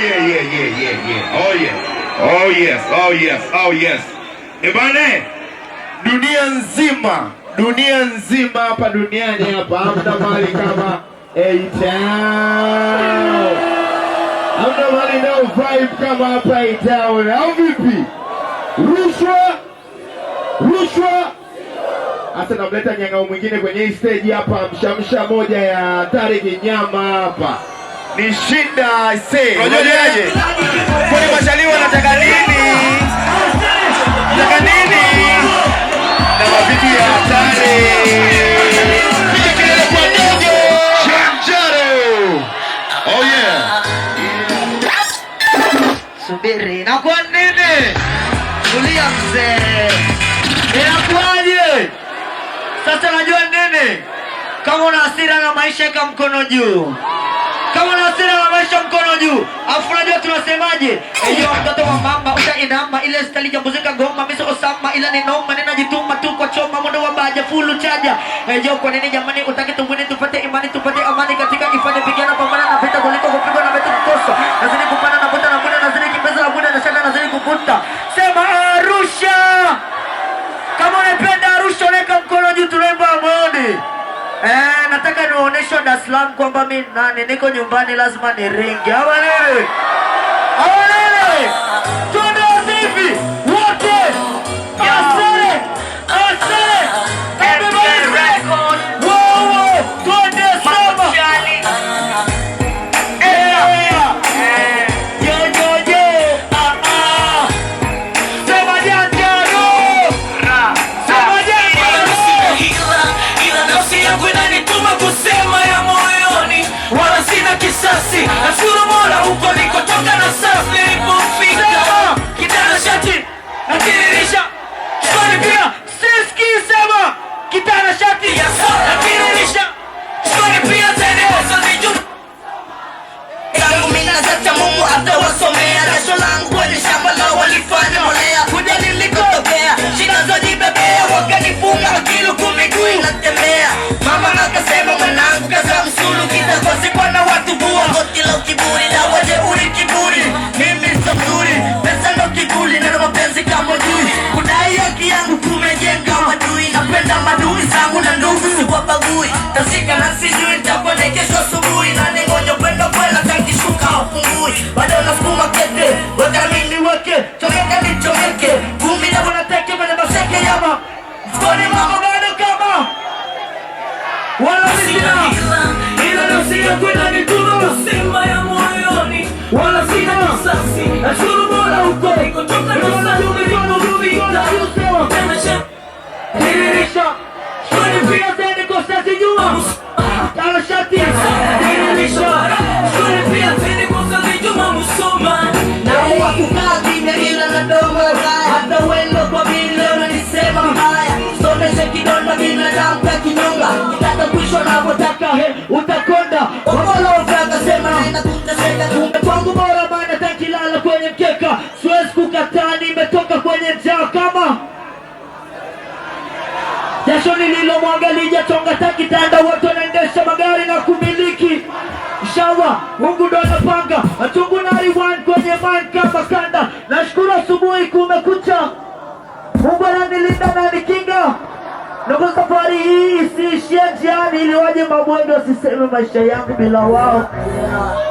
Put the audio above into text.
yeah, yeah, yeah, yeah, yeah. Oh yes. Oh yes. Oh yes. Oh yes. dunia nzima, dunia nzima hapa duniani hapa hamna mali kama Eitao. Hamna mali na vibe kama hapa Eitao. Au vipi? Rushwa. Rushwa. Hata namleta nyang'au mwingine kwenye hii stage hapa, mshamsha moja ya Tariki Nyama hapa ni shida see. Unajuaje? Kwani Majaliwa nini? Nataka nini? Na mabitu ya hatari. kwa oh, Na kwa nini? Kulia mzee. Inakuaje? Sasa najua nini? Kama una hasira na maisha, weka mkono juu. Kama na unasema unawasha mkono juu. Afu unajua tunasemaje? Hiyo mtoto wa mama inama ile stali ya muzika goma miso osama ila ni noma nina jituma tu kwa choma moto wa baja fulu chaja. Hiyo kwa nini jamani utaki tumwini tupate imani tupate amani katika ifanye pigana pambana na vita kuliko kupigwa na vita kukosa. Nazidi kupana na kuta na kuna nazidi kipeza na kuna nashaka nazidi kukuta. Sema Arusha. Kama unapenda Arusha unaweka mkono juu tunaimba amani. Eh nimeonyeshwa Dar es Salaam kwamba mi nani, niko nyumbani, lazima ni niringe. Hawanelewi, hawanelewi, twende wasifi bagui tazika na sijui nitapone kesho asubuhi na ningoja upendo kwela takishuka hapungui bado nasukuma kete weka mimi weke chomeka nichomeke kumi na bwana teke bwana baseke yama koni mama bado kama wala sina ila nafsi yangu inanituma simba ya moyoni wala sina kisasi ashuru bora uko kutoka na usalama atazijua karashati dirimisho shule pia pende kwa kazi juma musoma na huwa kukaa kimya ila na domo haya hata wendo kwa vile unanisema haya someshe kidonda binadamu ka kinyonga kitaka kwisho unavyotaka utakonda okolova jasho lililomwaga lijatonga kitanda. Watu wanaendesha magari na kumiliki. Inshallah, Mungu ndo anapanga. Hatungunariwan kwenye kama kanda. Nashukuru asubuhi kumekucha. Mungu ananilinda na nikinga ndugu, safari hii isiishie njiani, ili waje mabwendo wasiseme maisha yangu bila wao.